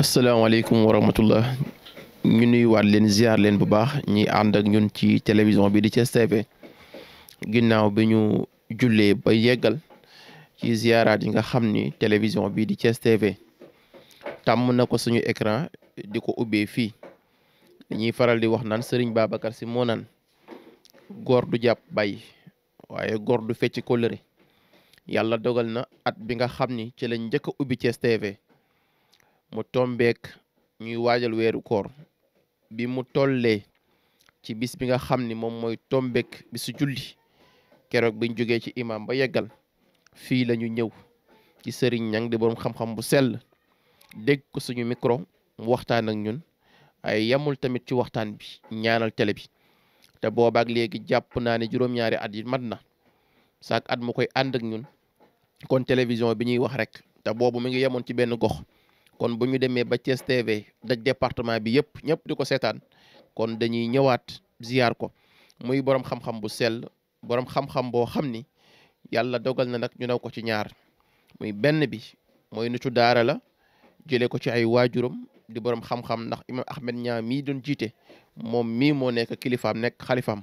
asalaamaaleykum wa rahmatullah ñu nuyuwaat leen ziar leen bu baax ñi ànd ñun ci télévision bi di Thiès TV ginnaaw bi ñu jullee ba yeggal ci ziaraat yi nga xam ni télévision bii di Thiès TV tàmm na ko suñu écran di ko ubbee fii dañuy faral di wax naan Serigne Babacar Sy moo naan góor du jàpp bay waaye góor du fecc kóllëre yàlla dogal na at bi nga xam ni ci lañ njëkk a ubbi Thiès TV mu tombeek ñuy waajal weeru koor bi mu tollee ci bis bi nga xam ni moom mooy tombeek bisu julli keroog biñ jógee ci imam ba yeggal fii la ñu ñëw ci sëriñ ñang di boroom xam-xam bu sell dégg ko suñu micro mu waxtaan ak ñun ay yamul tamit ci waxtaan bi ñaanal télé bi te boobaak léegi jàpp naa ne juróom-ñaari at yi mat na saak at mu koy ànd ak ñun kon télévision bi ñuy wax rek te boobu mu ngi yemoon ci benn gox kon bu ñu demee ba Thiès TV daj département bi yëpp ñëpp di ko seetaan kon dañuy ñëwaat ziar ko muy borom xam-xam bu sell borom xam boo xam ni yàlla dogal na nag ñu naw ko ci ñaar muy benn bi mooy nitu daara la jëlee ko ci ay waajuram di borom xam-xam ndax imam Ahmed Niang mii doon jiite moom mii moo nekk kilifaam nekk xalifaam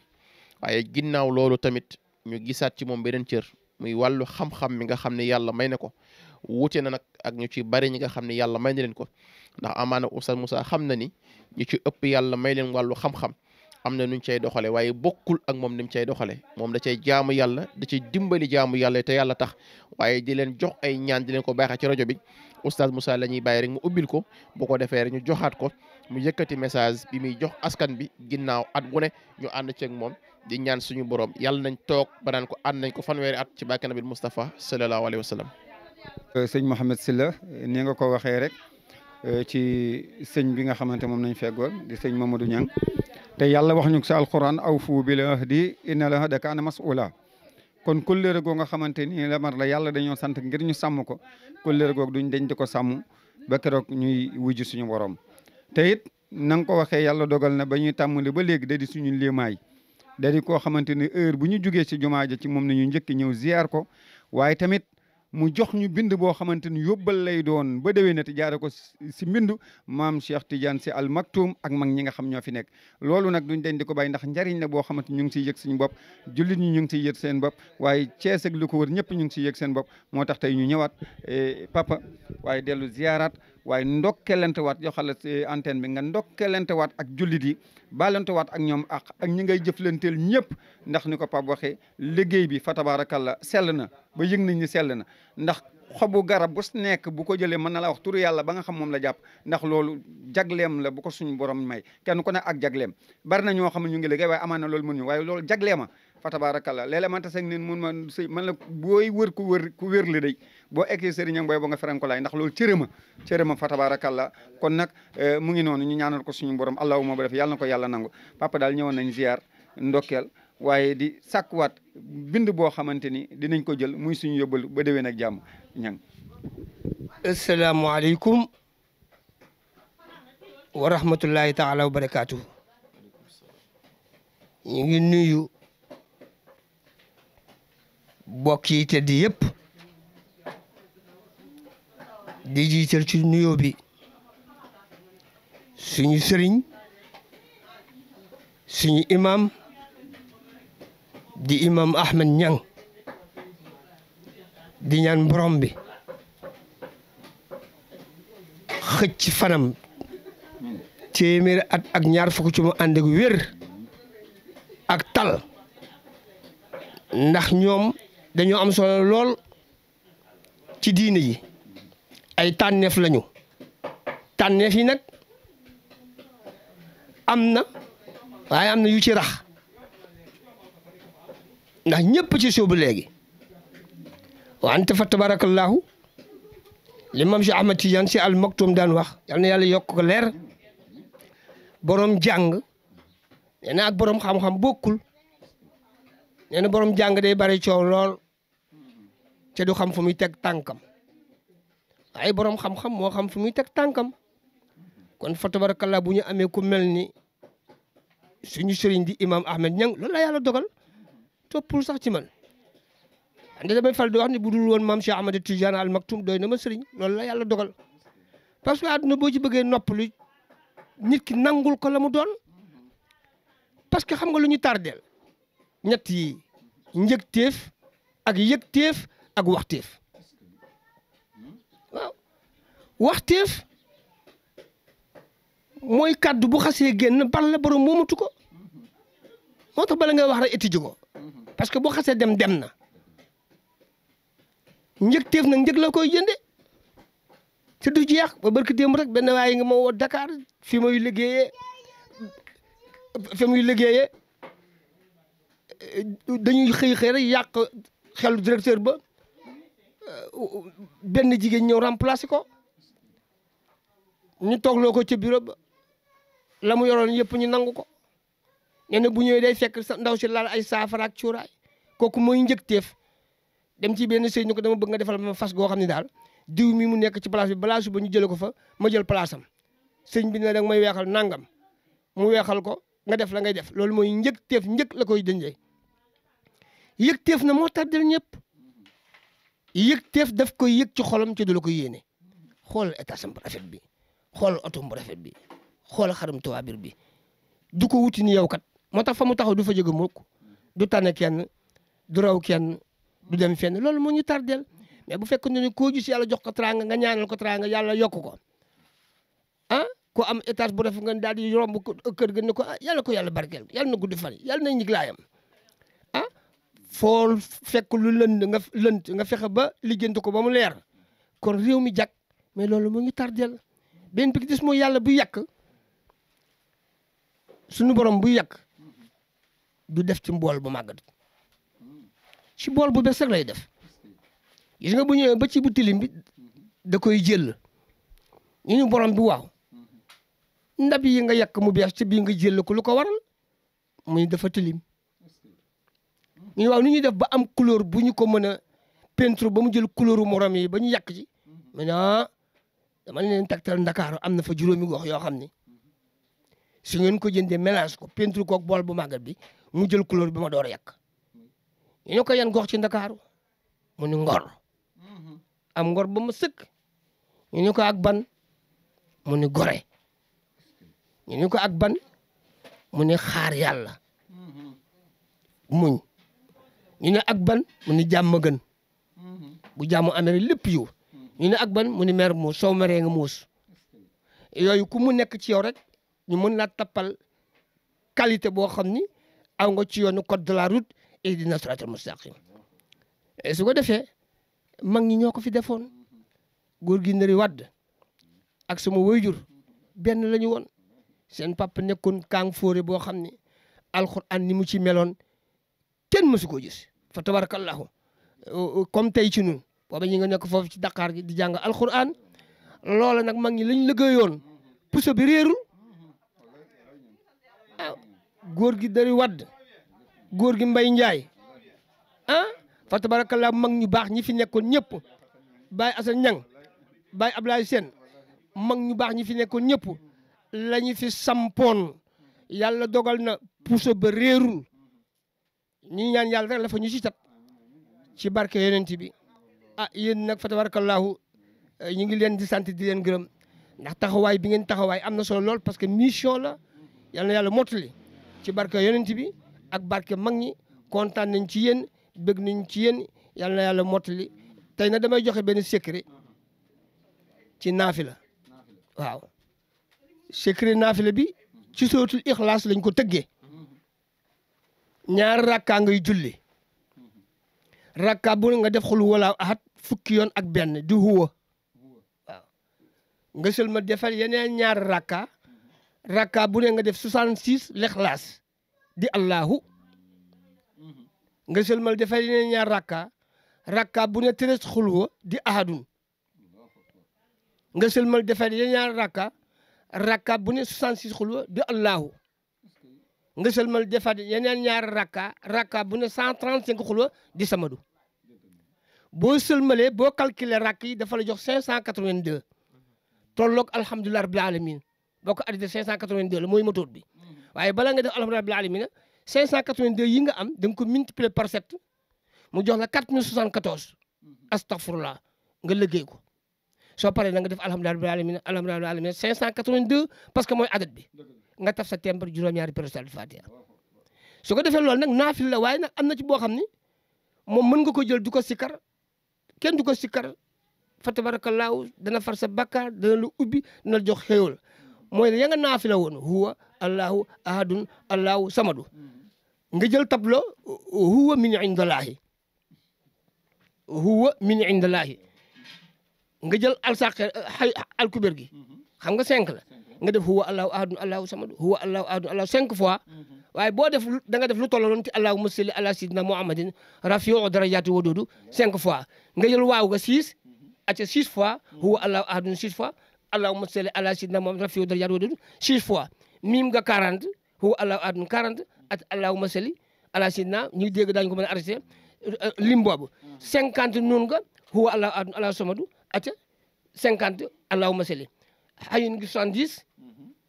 waaye ginnaaw loolu tamit ñu gisaat ci moom beneen cër muy wàllu xam-xam mi nga xam ne yàlla may ne ko wuute na ak ñu ci bari ñi nga xam ne yàlla may na leen ko ndax amaana Oustaz Moussa xam na ni ñu ci ëpp yàlla may leen wàllu xam-xam am na nuñ cay doxale waaye bokkul ak moom ni mu cay doxale moom da cay jaamu yàlla da cay dimbali jaamu yàlla te yàlla tax waaye di leen jox ay ñaan di leen ko baaxee ci rajo bi Oustaz Moussa la ñuy bàyyi rek mu ubbil ko bu ko defee rek ñu joxaat ko mu yëkkati message bi muy jox askan bi ginnaaw at wu ne ñu ànd ceeg moom di ñaan suñu borom yàlla nañ toog ba naan ko ànd nañ ko fanweeri at ci bàkk nabil Moustapha sallallahu alayhi wa sallam Euh, sëñ Mouhamed Sylla ni nga ko waxee rek euh, ci sëñ bi nga xamante moom nañ feggoon di sëñ Mamadou Niang te yàlla wax ñu si alquran aw fu bil ahdi inna l ahda kaana kon kóllëre goo nga xamante ni la mar la yàlla dañoo sant ngir ñu sàmm ko kóllëre goog duñ deñ di ko sàmm ba keroog ñuy wujj suñu borom te it na ko waxee yàlla dogal na ba ñuy tàmmali ba léegi da di suñu limaay da di koo xamante ni heure bu ñu jugee ci jumaa ja ci moom na ñu njëkki ñëw ziar ko waaye tamit mu jox ñu bind boo xamante ni yóbbal lay doon ba déwénati jaare ko si mbindu maam Cheikh Tidiane si al maktum ak mag ñi nga xam ñoo fi nekk loolu nag duñ dañ di ko bàyyi ndax njariñ la boo xamante ñu ngi siy yeg suñu bopp jullit ñi ñu ngi siy yëg seen bopp waaye Cees ak lu ko wër ñëpp ñu ngi siy yëg seen bopp moo tax tey ñu ñëwaat eh, papa waaye dellu ziyaaraat waaye ndokkelante waat yoo xam bi nga ndokkelante waat ak jullit yi baalante waat ak ñoom ak ak ñi ngay jëflanteel ñëpp ndax ni ko Pape waxee liggéey bi fa tabaarakalla sell na ba yëg nañ ni sell na ndax xobu garab bu nekk bu ko jëlee mën na la wax turu yàlla ba nga xam moom la jàpp ndax loolu jagleem la bu ko suñu borom may kenn ku ne ak jagleem bari na ñoo xam ne ñu ngi liggéey waaye amaan na loolu mën ñu waaye loolu jagleema fatabarakallah lele man tase nin mun man sëñ man la boy wër ku wër ku wër li day bo ekkee sëriñ ngoy bo ba nga feranko lay ndax loolu cërëma cërëma fatabarakallah tabarakallah kon nag eh, mu ngi non ñu ñaanal ko suñu borom allahumma ba yalla nako yalla nangu papa dal ñëwoon nañ ziar ndokkeel waye di sakwat bind bo xamanteni ni dinañ ko jël muy suñu yobul ba déwén nak jàmm ñang alaykum wa rahmatullahi taala wa barakatuh ñu ngi nuyu bokk yi di yëpp di jiital ci nuyoo bi suñu sëriñ suñu imam di imam Ahmed Niang di ñaan borom bi xëcc fanam téeméeri ak ñaar fukk ci mu ànd ak wér ak tal ndax ñoom dañu am solo lol ci diine yi ay tanef lañu tanef yi nak amna waye amna na yu ci rax ndax ñepp ci legi wa anta fa tabarakallahu limam Ahmad al maktum dan wax yalla yalla yok ko leer borom jang ena na ak borom xam-xam bokul ena borom jang day bari coow lool ca du xam fu muy teg tànkam ay boroom xam-xam moo xam fu muy teg tànkam kon foto tabarakallah bu ñu amee ku mel ni suñu sëriñ di imam Ahmed Niang loolu la yàlla dogal toppul sax ci man. ande damay fal di xam ne bu dul woon maam Cheikh Ahmed Tidiane al Maktoum doy na ma sëriñ loolu la yàlla dogal parce que àdduna boo ci bëggee noppalu nit ki nangul ko la mu doon parce que xam nga lu ñu tardeel ñett yi njëgteef ak yëgteef ak waxtef waaw waxtef moy kaddu bu xasse genn bal la borom momatu ko moto bal nga wax ra étudier ko parce que bu xasse dem dem na njëgteef nak njëg la koy jënde ci du jeex ba barki dem rek ben way nga mo wo Dakar fi moy liggéeyee fi moy liggéeyee dañuy xey xey rek yak xel directeur ba Euh, ben jigen ñëw remplacer ko ñu toogloo ko ci bureau ba lamu yoron yep ñu nangu ko nee bu ñewé day fekk ndaw ci laal ay safara ak ciuray koku moy njëkteef dem ci ben sëy ko dama bëgg nga defal ma fas go xamni dal daal diw mi mu nekk ci place bi balaa bu ñu jël ko fa ma jël place am sëñ bi ne may wéxal nangam mu wéxal ko nga def la ngay def lool moy njëkteef ñeek la koy dënjee na mo tardel ñepp yek teef def ko yek ci xolam ci dula ko yene xol état sam rafet bi xol auto mu rafet bi xol xaram tawabir bi du ko wuti ni yow kat motax famu fa taxaw du fa jóge mok du tané kenn du raw kenn du dem fenn lolou moo ñu mais bu fekk ne ko gis yalla jox ko tranga nga ñaanal ko tranga yalla yok ko ah ko am état bu rafet nga dal di romb ko ga gën ko ah, yalla ko yalla barkel yalla na gudd fal yalla na ñig foo fekk lu lënd nga lënd fexe ba lijjanti ko ba mu leer kon réew mi jag mais loolu mu ngi tardel benn bi gis mooy yàlla bu yàq sunu borom bu yàq bu def ci mbool bu màggat ci bool bu bees lay def gis nga bu ñëwee ba ci bu tilim bi da koy jël ñu ñu borom bi waaw ndab yi nga yàq mu bees ci bii nga jël ko lu ko waral muy dafa tilim ñu waaw ni ñuy def ba am couleur bu ñu ko mën a peintre ba mu jël couleur morom yi ba ñu yàq ci maintenant dama leen tegtal Ndakaaru am na fa juróomi gox yoo xam ne su ngeen ko jëndee mélange ko peintre koog bool bu màggat bi mu jël couleur bi ma door a yàq ñu ko yan gox ci Ndakaaru mu ni Ngor am Ngor ba sëkk ñu ne ko ak ban mu ni Gorée ñu ne ko ak ban mu ni xaar yàlla muñ ñu ne ak ban mu ne jàmm ma mm-hmm. bu jàmm amee lépp yow mm-hmm. ñu ne ak ban mu ni mer muus soo meree nga muus yooyu ku mu nekk ci yow rek ñu mën laa tappal qualité boo xam ni aw nga ci yoonu code de la route et di nasratul mustaqim su ko defee mag ñi ñoo ko fi defoon góor gi Ndari Wade ak sama jur benn la woon seen papp nekkoon kàng fóore boo xam ni alxuraan ni mu ci meloon kenn mësu koo gis fa tabarakallahu euh, comme tey ci ñun booba ñi nga nekk foofu ci Dakar gi di jàng alquran loola nag mag ñi lañ liggéeyoon puso bi réerul ah gi dari wadd góor gi mbay njaay ah fa tabarakallahu mag ñu baax ñi fi nekkoon ñëpp Baye Assane Niang Baye Ablaye Sène mag ñu baax ñi fi nekkoon ñëpp la fi sampoon yàlla dogal na puso ba réerul ñi ñaan yàlla rek la fa ñu ci tat ci barke yonent bi ah yéen nag fa tabarakallahu eh, ñu ngi leen di sant di leen gërëm ndax taxawaay bi ngeen taxawaay am na solo lool parce que mission la yal na yàlla mottali ci barke yonent bi ak barke mag ñi kontaan nañ ci yéen bëgg nañ ci yéen yal na yàlla mottali tey nag damay joxe benn secret ci naafila waaw secret naafila bi ci sootul ixlaas lañ ko tëggee ñaar rakkaa ngay julli rakka bu nga def xul wala ahat fukki yoon ak benn di huwa nga sël ma defal yeneen ñaar rakka rakka bu ne nga def 66 lexlaas di allahu nga sëlmal defal yeneen ñaar ràkka rakka bu ne tërës xulwa di ahadun nga sëlmal defal yeneen ñaar rakka rakka bu ne 66 xulwa di allahu nga selmal defat yenen ñaar rakka rakka bu ne 135 xulwa di samadu bo selmalé bo calculer rakki dafa la jox 582 tolok alhamdullilah rabbil alamin boko ko 582 la moy motor bi waye bala nga def alhamdullilah rabbil alamin 582 yi nga am dang ko multiplier par 7 mu jox la 4074 astaghfirullah nga liggéey ko so paré nga def alhamdullilah rabbil alamin alhamdullilah rabbil alamin 582 parce que moy adat bi nga taf sa tembar juróom-ñaari pérosal fatiha su ko defee loolu nag naafil la waaye nag am na ci boo xam ni moom mën nga ko jël duko sikar ken duko sikar ko sikkar fa tabarakallaahu dana far sa dana lu ubi dana jox ya nga huwa allahu ahadun allahu samadu nga jël tablo, huwa min indallaahi huwa min indallaahi nga jël al alkuber gi xam nga cinq la nga def huwa allahu ahadun allahu samad huwa allahu ahadun allahu cinq fois mhm. waaye boo def da nga def lu tolloon ci allahumma salli ala sayyidina muhammadin rafiu darajati wadudu cinq fois nga jël waaw nga six mhm. aca six fois mhm. huwa allahu ahadun six fois allahumma salli ala sayyidina muhammadin rafiu darajati wadudu fois nga quarante huwa allahu ahadun quarante at allahumma salli ala sayyidina ñuy dégg daañu ko mën a arrêté euh, lim boobu cinquante noonu nga huwa allahu ahadun allahu samadu aca cinquante allahumma salli ayun mhm. gi soixante dix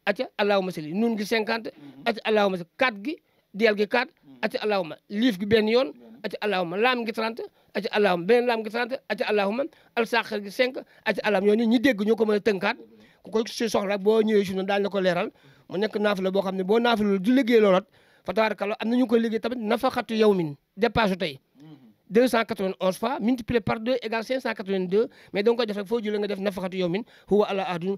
aca allahuma sali nun cinquante mhm. aca allahuma sali quatre gi deel gi quatre mhm. aca allahuma liif gi benn yoon aca allahuma laam gi trente aca allahuma benn laam gi trente aca allahuma alsaqir gi cinq aca allahuma ñoo ni ñi dégg ñoo ko mën a tënkaat ku ko soxla boo ñëwee si noonu daal na ko leeral mu nekk la boo xam ne boo naafila du liggéey loolat fa tabaarakallah am na ñu koy liggéey tamit nafaqatu yawmin dépasse tey 291 fois multiplié par 2 égale 582 mais donc nga koy def rek foo nga def nafakhatu yow huwa ala adun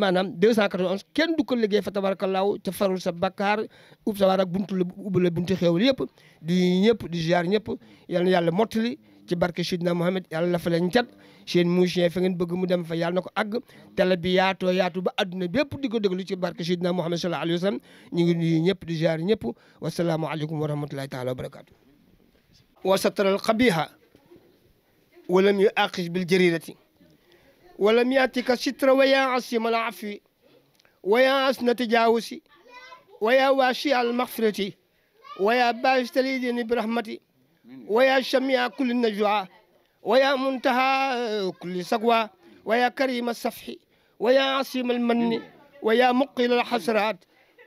manam 291 ken du ko liggéey fa tabarakallah te farul sa bakar ub sa waar buntu la ubbi la buntu xéewal yëpp di ñëpp di ziar ñëpp yalla yalla yàlla ci barke Seydina Mohamed yalla la fa leen cat seen musicien fa ngeen bëgg mu dem fa yalla nako ag àgg télé bi yaatoo yaatu ba aduna bepp di ko déglu ci barke Seydina Mohamed sallallahu alayhi wasallam ñi ngi nuyu di ziar wassalamu alaykum wa rahmatullahi taala wa وستر القبيحة ولم يؤاخذ بالجريرة ولم يأتك ستر ويا عصيم العفو ويا عصم تجاوسي ويا واشي المغفرة ويا باش تليدني برحمتي ويا شميع كل النجوع ويا منتهى كل سقوى ويا كريم الصفح ويا عصيم المن ويا مقل الحسرات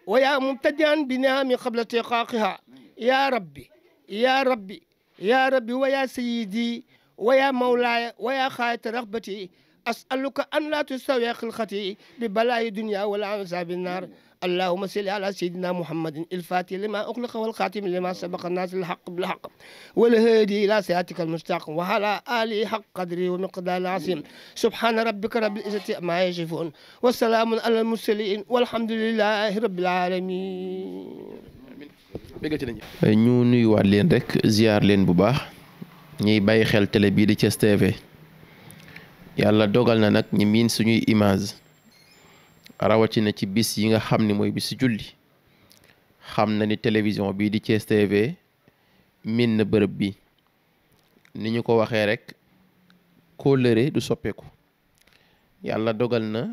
ويا مبتدئا بنعم قبل تقاقها يا ربي يا ربي يا ربي ويا سيدي ويا مولاي ويا خاية رغبتي أسألك أن لا تساوي خلقتي ببلاء الدنيا ولا عذاب النار اللهم صل على سيدنا محمد الفاتح لما أغلق والخاتم لما سبق الناس الحق بالحق والهادي إلى سيادتك المستقيم وعلى آله حق قدري ومقدار العظيم سبحان ربك رب العزة ما يشفون والسلام على المرسلين والحمد لله رب العالمين bëggati nañu. ñu nuyuwaat leen rek ziar leen bu baax ñuy bàyyi xel télé bii di Thiès TV yàlla dogal na nag ñu miin suñuy image rawatina ci bis yi nga xam ni mooy bisu julli xam na ni télévision bii di Thiès TV miin na bërëb bi ni ñu ko waxee rek ko kóllëre du soppeeku yàlla dogal na.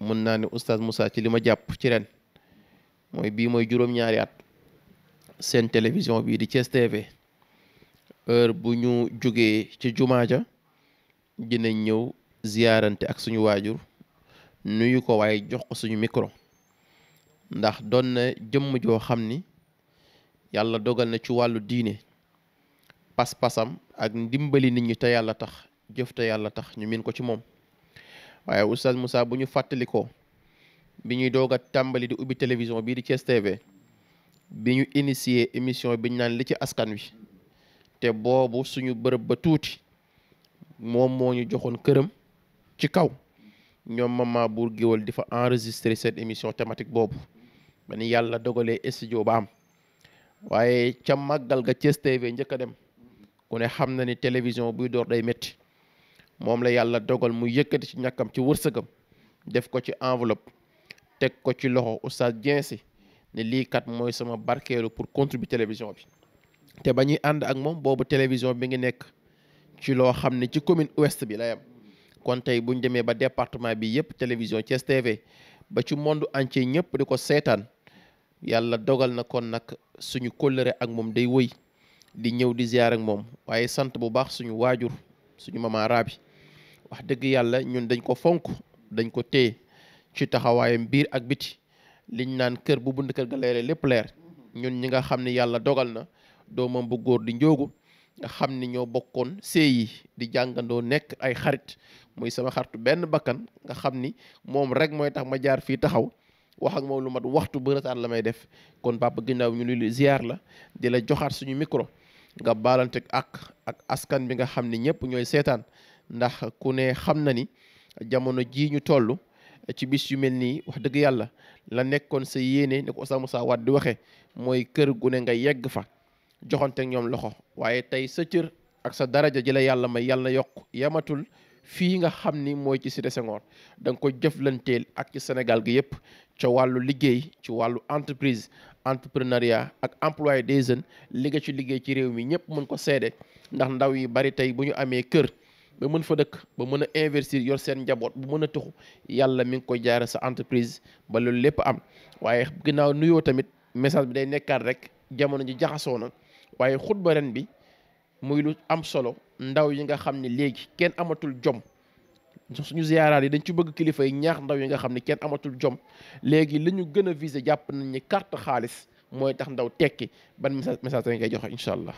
mën naa ne oustaz Moussa ci li ma jàpp ci ren mooy bii mooy juróom-ñaari at seen télévision bii di Thiès TV heure bu ñu jógee ci jumaa ja dinañ ñëw ziyaarante ak suñu waajur nuyu ko waaye jox ko suñu micro ndax doon na jëmm joo xam ni yàlla dogal na ci wàllu diine pas-pasam ak ndimbali nit ñi te yàlla tax jëf te yàlla tax ñu min ko ci moom waaye oustaz Moussa bu ñu fàttalikoo bi ñuy doog a tàmbali di ubbi télévision bii di Thiès TV bi ñu initié émission bi ñu naan li ci askan wi te boobu suñu bërëb ba tuuti moom mooñu joxoon këram ci kaw ñoom mama buur géwal di fa enregistré seen émission thématique boobu ba ni yàlla dogalee studio ba am waaye ca màggal ga ci TV njëkk a dem ku ne xam na ni télévision buy door day métti moom la yàlla dogal mu yëkkati ci ñàkkam ci wërsëgam def ko ci enveloppe teg ko ci loxo Oustaz Dieng Sy ne lii kat mooy sama barkeelu pour contribuer télévision bi te ba ñuy ànd ak moom boobu télévision bi ngi nekk ci loo xam ne ci commune ouest bi la yam kon tey bu ñu demee ba département bi yëpp télévision ci TV ba ci monde entier ñëpp di ko seetaan yàlla dogal na kon nag suñu kóllëre ak moom day woy di ñëw di ziar ak moom waaye sant bu baax suñu waajur suñu maman Rabi wax dëgg yàlla ñun dañ ko fonk dañ ko téye ci taxawaayam mbiir ak biti liñ naan kër bu bunt kër ga leere lépp leer ñun ñi nga xam ne yàlla dogal na doomam bu góor di njoogu nga xam ni ñoo bokkoon sëy yi di jàngandoo nekk ay xarit muy sama xaritu benn bakkan nga xam ni moom rek mooy tax ma jaar fii taxaw wax ak moom lu mat waxtu bu retard la may def kon papa ginnaaw ñu lu ziar la di la joxaat suñu mikro nga baalante ak ak askan bi nga xam ni ñëpp ñooy seetaan ndax ku ne xam na ni jamono jii ñu toll ci bis yu mel nii wax dëgg yàlla la nekkoon sa yéene ni ko Oustaz Moussa Wade di waxee mooy kër gu ne nga yegg fa joxante ñoom loxo waaye tey sa cër ak sa daraja ji la yàlla may yàlla yokk yamatul fii nga xam ni mooy ci Cité Senghor da nga ko jëflanteel ak ci Sénégal gi yëpp ca wàllu liggéey ci wàllu entreprise entrepreneuriat ak emploi des jeunes li nga ci liggéey ci réew mi ñëpp mën ko seede ndax ndaw yi bari tey bu ñu amee kër ba mën fa dëkk ba mën a investir yor seen njaboot bu mën a tuxu yàlla mi ngi koy jaare sa entreprise ba loolu lépp am waaye ginnaaw nuyoo tamit message bi day nekkaat rek jamono ji jaxasoo na waaye xutba ren bi muy lu am solo ndaw yi nga xam ne léegi kenn amatul jom suñu ziyaaraat yi dañ ci bëgg kilifa yi ñaax ndaw yi nga xam ne kenn amatul jom léegi li ñu gën a visé jàpp nañ ni carte xaalis mooy tax ndaw tekki ban message message dañ koy joxe incha allah.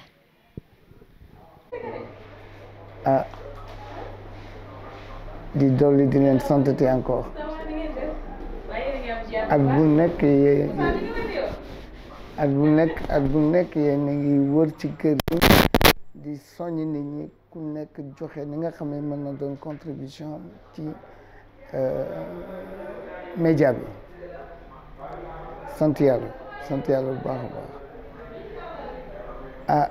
Ah, di dolli di leen encore at bu nekk yéen at bu nekk at bu nekk yéen a ngi wër ci kër yi di soññ ni ñi ku nekk joxe ni nga xam ne mën na doon contribution ci euh, média bi sant yàlla sant bu baax a baax ah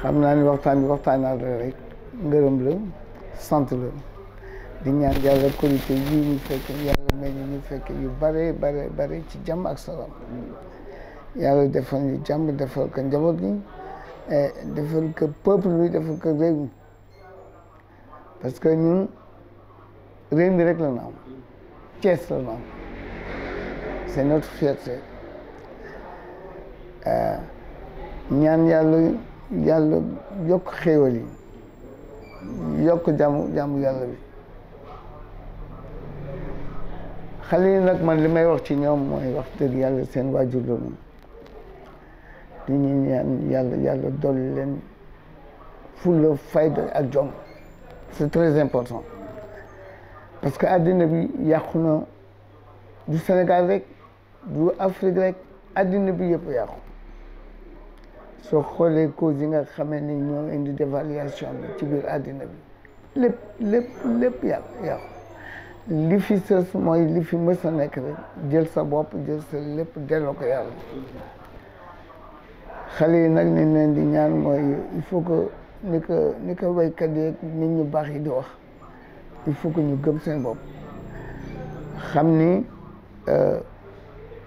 xam naa ni waxtaan bi waxtaan naa rek ngërëm la sant leen di ñaan yàlla korité yi ñu fekke yàlla may ñu fekke yu bare bare ci jàmm ak salaam yàlla defal ñu jàmm defal ko njaboot gi e, defal ko peuple bi defal ko réew parce que ñun réew mi rek la ñu am c'est notre fierté e, ñaan yàlla yàlla yokk xéewal yi yok yalla bi nak man limay wax ci ñom moy wax deug yalla seen la di qui ñaan vie, ak jom c'est très important parce que àddina bi yakuna du Sénégal du Afrique rek bi yakuna soo xoolee causes yi nga xamee ni ñoo indi dévaluation bi ci biir àddina bi lépp lépp lépp yàq yàqu li fi sës mooy li fi mës a nekk jël sa bopp jël sa lépp delloo ko yàlla xale yi nag ni leen di ñaan mooy il faut que ni ko ni ka waykat yeeg nit ñu baax yi di wax il faut que ñu gëm seen bopp xam ni euh,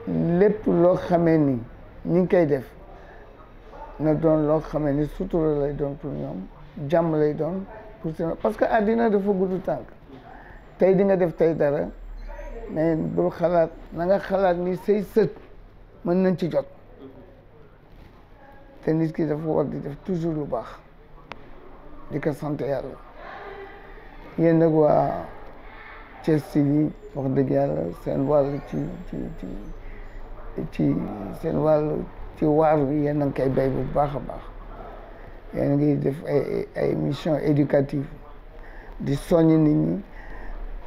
lépp loo xamee ni ñu ngi koy def na doon loo xamee ni sutura lay doon pour ñoom jàmm lay doon pour seen parce que àddina dafa gudd tànk tey di nga def tey dara mais bul xalaat na nga xalaat ni say sët mën nañ ci jot te nit ki dafa war di def toujours lu baax di ko sant yàlla yéen nag waa Thiès TV wax dëgg yàlla seen wàll ci ci ci ci seen wàll ci waar bi yéen a ngi koy béy bu baax a baax yéen a ngi def ay ay émission éducative di soññ ni ñi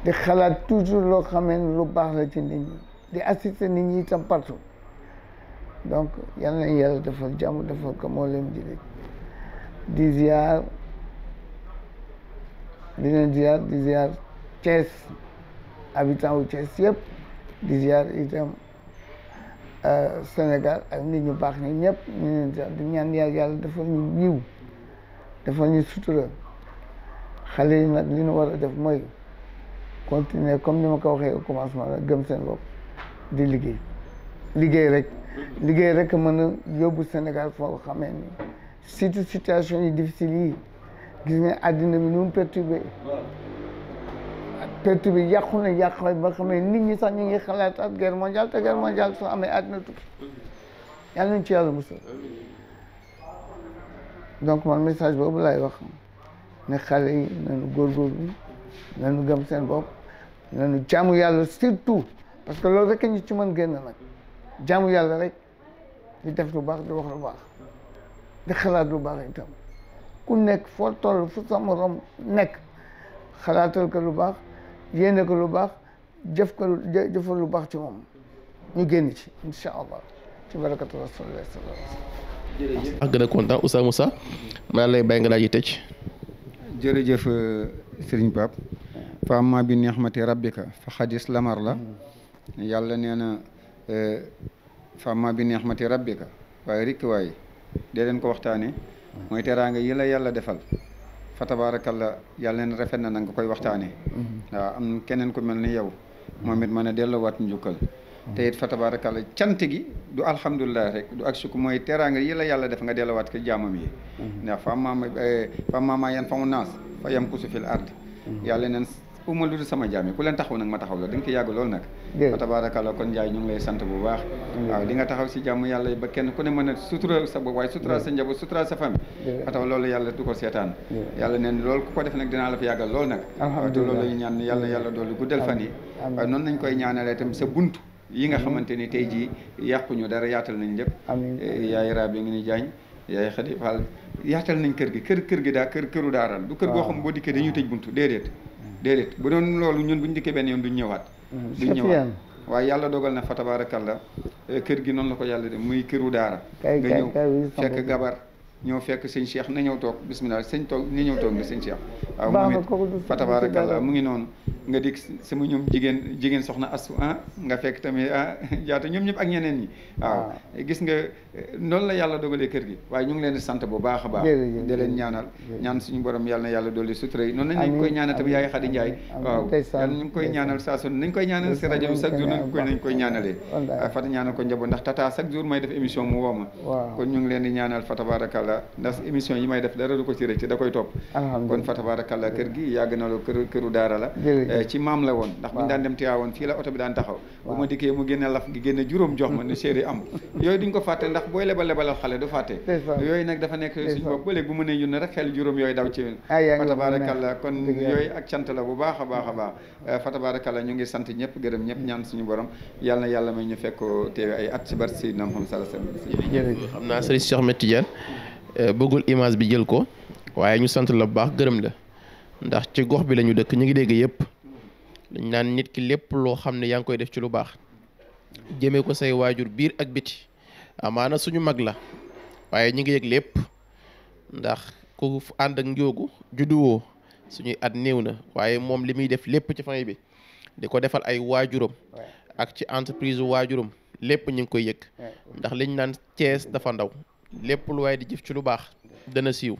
di xalaat toujours loo xamee lu baax la ci ni ñi di assister ni ñi itam donc yal nañ yàlla defal jàmm defal ko moo leen jëlee di ziar di leen ziar di ziar Thiès habitant yëpp di ziar itam. Euh, Sénégal ak nit ñu baax ni ñëpp ñu leen di ñaan yàlla yàlla defal ñu yiw defal ñu sutura xale yi nag li ñu war a def mooy continuer comme ni ma ko waxee commencement la gëm seen bopp di liggéey liggéey rek liggéey rek mën a yóbbu Sénégal foo xamee ni situation yi difficile yi gis nga àddina bi nu mu perte bi yàqu na yàqu ba xam ne nit ñi sax ñu ngi xalaataat guerre mondiale te guerre mondiale soo amee àdduna tukki yàlla nañ ci yàlla musal donc man message boobu laay wax ne xale yi nañu góorgóorlu nañu gëm seen bopp nañu jaamu yàlla surtout parce que loolu rek ni ci mën génn nag jaamu yàlla rek di def lu baax di wax lu baax di xalaat lu baax itam ku nekk foo toll fu sa morom nekk xalaatal ko lu baax yéene ko lu baax jëf ko jëfal lu baax ci moom ñu génn ci incha allah ci barakatu rasulillah sallallahu alayhi wasallam jërëjëf ak gën a kontaan Oustaz Moussa maa lay bàyyi nga daal di tëj jërëjëf euh, Serigne Pape fa amma bi ni'mati rabbika fa xadis lamar la yàlla nee na euh, fa amma bi ni'mati rabbika waaye rikk waaye dee leen ko waxtaane mooy teraanga yi la yàlla defal fa tabaarakalla yàlla neen rafet na na nga koy waxtaanee. Mm-hmm. waaw am keneen ku mel ni yow moom it mën a delloowaat njukkal. Mm-hmm. te it fa tabaarakalla cant gi du alhamdulilah rek du ak sukk mooy teraanga yi la yàlla def nga delloowaat ko jaamam yi. Mm-hmm. ndax fa maama eh, fa maama naas fa yam kusu fil ard. yàlla neen ku ma lu dul sama jaam yi ku leen taxaw nag ma taxaw la da nga yàgg loolu nag fa lay sant bu baax waaw li nga taxaw si jàmm yàlla ba kenn ku ne mën a sutura sa bopp waaye sutura sa njaboot sutura sa famille fa taw loolu yàlla du ko seetaan yàlla neen loolu ku ko def nag dinaa la fi yàggal loolu nag waaw te loolu lañu yàlla doolu guddal fan yi waaye noonu nañ koy ñaanalee tam sa buntu yi nga xamante ni tey jii yàquñu dara yaatal nañ lépp eh, yaay raab yi ngi ni jaañ yaay xadi faal yaatal gi kër kër gi daa kër këru daaral du kër goo xam boo dikkee dañuy tëj buntu déedéet bu doon loolu ñun bu ñu dikkee benn yoon duñ ñëwaat mm-hmm. duñ ñëwaat waaye yàlla dogal na fa la eh, kër gi noonu la ko yàlla de muy këru daara nga ñëw fekk gabar ñëw fekk sëñ Cheikh na ñëw toog bisimilah sëñ toog na ñëw toog nga sëñ Cheikh waaw moom it fa tabaarakalla mu ngi noonu nga dikk sama ñoom jigéen jigéen soxna astu ah nga fekk tamit ah jaata ñoom ak ñeneen ñi waaw ah. gis nga eh, noonu la yàlla dogalee kër gi waaye ñu ngi leen di sant bu baax a baax da leen ñaanal ñaan suñu borom yàlla na yàlla dolli sutura yi noonu nañ koy ñaanal tamit yaay Xadi Njaay waaw yàlla nañ koy ñaanal saa su nañ koy ñaanal si rajo bi ah, ko njaboot ndax tata chaque jour may def émission mu woo ma kon ñu ngi leen di ñaanal fa tabarakallah ndax émission yi may def dara du ko ci da koy topp kon fa tabarakallah kër gi yàgg na loo këru daara la ci maam la woon ndax bu ñu daan dem Tiwaawoon fii la oto bi daan taxaw bu ma dikkee mu génne laf gi génne juróom jox ma ne chéri am yooyu duñ ko fàtte ndax booy lebal lebalal xale du fàtte yooyu nag dafa nekk suñu bopp ba léegi bu mënee yónne rek xel juróom yooyu daw ci fa tabaarakalla kon yooyu ak sant la bu baax a baax a baax mm. fa la ñu ngi sant ñëpp gërëm ñëpp ñaan suñu borom yàlla na yàlla may ñu fekk teewe ay at si bar si nam xam sala s xam naa sëriñ Cheikh Ahmed Tidiane euh, bëggul image bi jël ko waaye ñu sant la bu baax gërëm la ndax gox bi la ñu dëkk ñu ngi dégg yëpp dañ naan nit ki lépp loo xam ne yaa ngi koy def ci lu baax jëmee ko say waajur biir ak biti amaana suñu mag la waaye ñu ngi yëg lépp ndax ku ànd ak njóogu judduwoo suñuy at néew na waaye moom li muy def lépp ci famille bi di ko defal ay waajuram ak ci entreprise waajuram lépp ñu ngi koy yëg ndax liñ naan Cees dafa ndaw lépp lu waaye di jëf ci lu baax dana siiw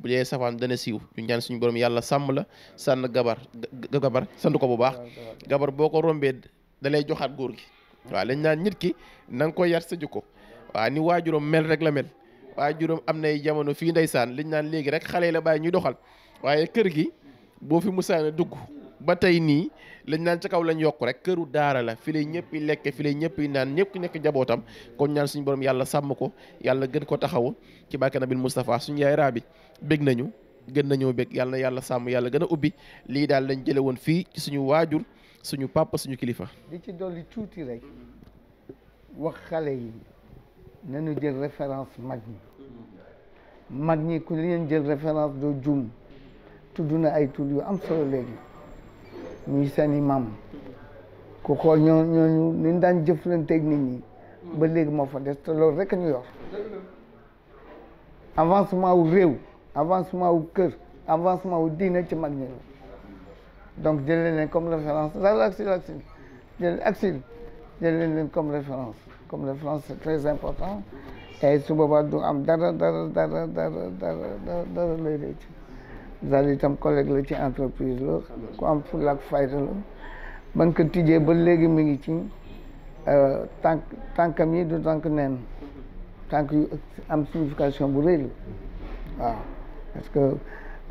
bu dee safaan dana siiw ñu ñaan suñu borom yàlla sàmm la sànn gabar gabar sant ko bu baax gabar boo ko rombee da lay joxaat góor gi waaw lañ naan nit ki na nga ko yar sa jikko waaw ni waajuram mel rek la mel waajuram am nay jamono fii ndeysaan liñ naan léegi rek xale la bàyyi ñuy doxal waaye kër gi boo fi musaana dugg ba tey nii lañ naan ca kaw lañ yokk rek këru daara la fi lay ñëpp lekke fi lay ñëpp yi naan ñëpp ñekk nekk jabootam kon ñaan suñu borom yàlla sàmm ko yàlla gën ko taxawu ci barke nabil Moustapha suñu bég nañu gën nañoo bég yàlla yàlla sàmm yàlla gën a ubbi lii daal lañ jële woon fii ci suñu waajur suñu papa suñu kilifa. li ci dolli tuuti rek wax xale yi nañu jël référence mag ñi mag ñi ku leen jël référence doo jum tudd na ay tudd yu am solo léegi ñuy seen i maam ku xool ñoo ñooñu ni daan jëflanteeg nit ñi ba léegi moo fa des te loolu rek ñu yor avancement wu réew. avancement au cœur, avancement au dîner, donc j'ai l'air comme référence Ça, comme référence comme référence c'est très important et je vous avez am dara dara parce que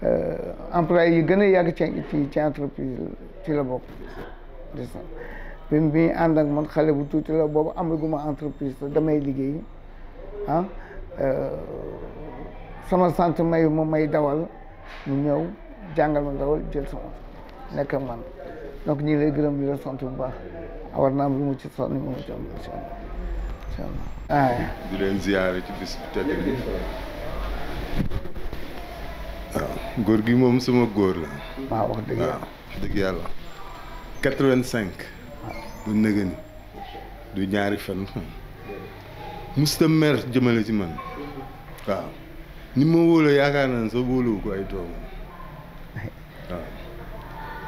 euh, employé yi gën a yàgg ci ci ci entreprise ci la bokk des na bi mu ànd ak man xale bu tuuti la boobu amaguma entreprise te damay liggéey ah euh, sama sant mayu ma may dawal mu ñëw jàngal ma dawal jël sama nekk man donc ñu ngi lay gërëm di la sant bu baax war naa am lu mu ci sonn moom itam incha allah incha allah. di leen ci bis tedd bi waaw góor gi moom sama góor la. waaw wax dëgg yàlla wax cinq bu nëgëni du ñaari fan. musta jëmale ci man. waaw ni ma wóoloo yaakaar naa ni sax wóolowu ko ay doomam. waaw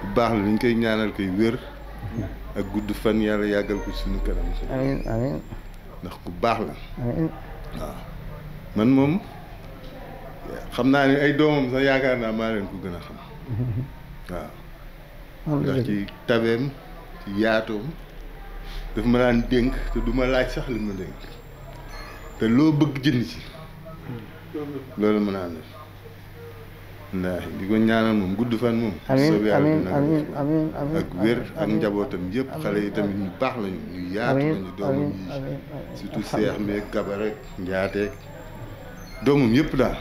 bu baax la ñu koy ñaanal koy wér. ak gudd fan yàlla yàggal ko suñu kanam. amiin ndax ku baax la. waaw man moom. xam naa ni ay doomam sax yaakaar naa maa leen ko gën a xam waaw ndax ci tabeem ci yaatoom daf ma daan dénk te duma laaj sax li ma dénk te loo bëgg jënd ci loolu mën naa def ndax di ko ñaanal moom gudd fan moom amiin amiin amiin amiin ak wér ak njabootam yëpp xale yi tamit ñu baax lañu ñu yaatu lañu doomam yi surtout seex meeg gabarek njaateeg doomam yëpp daal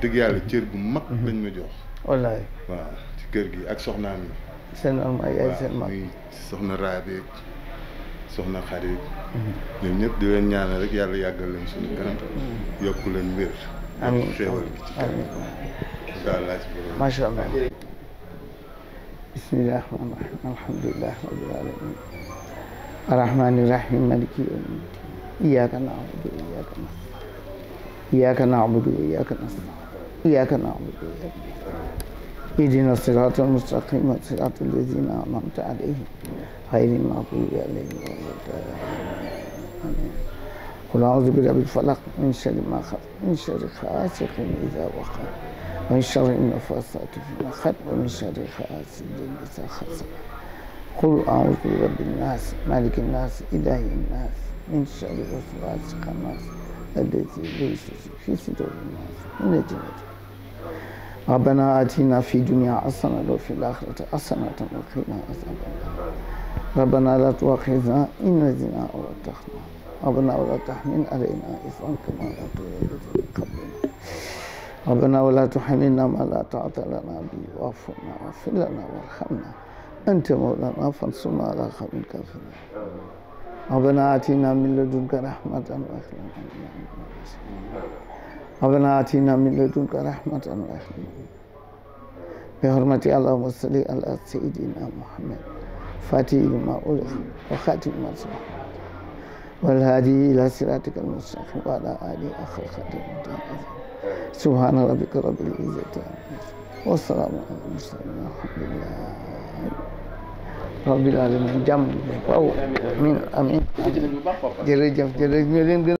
dëgg yàlla cër bu mag lañ ma jox. wallaay waaw ci kër gi ak soxnaam yi. seen am ay ay seen mag muy soxna Rabeeg soxna Xarit. ñoom ñëpp di leen ñaanal rek yàlla yàggal leen suñu kanam. yokk leen wér. amiin yokk xéewal bi ci kanam. incha allah macha allah. bismillahi rahmaani rahiim alhamdulillahi rabbil aalamiin arrahmaani rahiim maliki yawmi ddiin iyyaaka na'budu wa iyyaaka nasta'iin إياك نعبد وإياك نستعين إياك نعبد وإياك اهدنا الصراط المستقيم صراط الذين أنعمت عليهم غير المغضوب عليهم ولا آمين قل أعوذ برب الفلق من شر ما خلق من شر خاسق إذا وقع ومن شر النفاثات في العقد ومن شر حاسد إذا خسر قل أعوذ برب الناس مالك الناس إله الناس من شر الوسواس الخناس التي في صدور الناس من ربنا آتنا في الدنيا حسنة وفي الآخرة حسنة وقنا عذاب النار ربنا لا تؤاخذنا إن نسينا أو أتخنا ربنا ولا تحمل علينا إصرا كما حملت من قبلنا ربنا ولا تحملنا ما لا طاقة لنا به واعف عنا واغفر لنا وارحمنا أنت مولانا فانصرنا على قوم الكافرين ربنا آتنا من لدنك رحمة ربنا آتنا من لدنك رحمة بحرمة الله وصلى على سيدنا محمد فاتي ما أولف وخاتم ما صبح والهادي إلى صراطك المستقيم وعلى آله أخر خاتم سبحان ربك رب العزة والسلام على المرسلين الحمد لله rabbil alamin jàmm waaw amin amin jërëjëf jërëjëf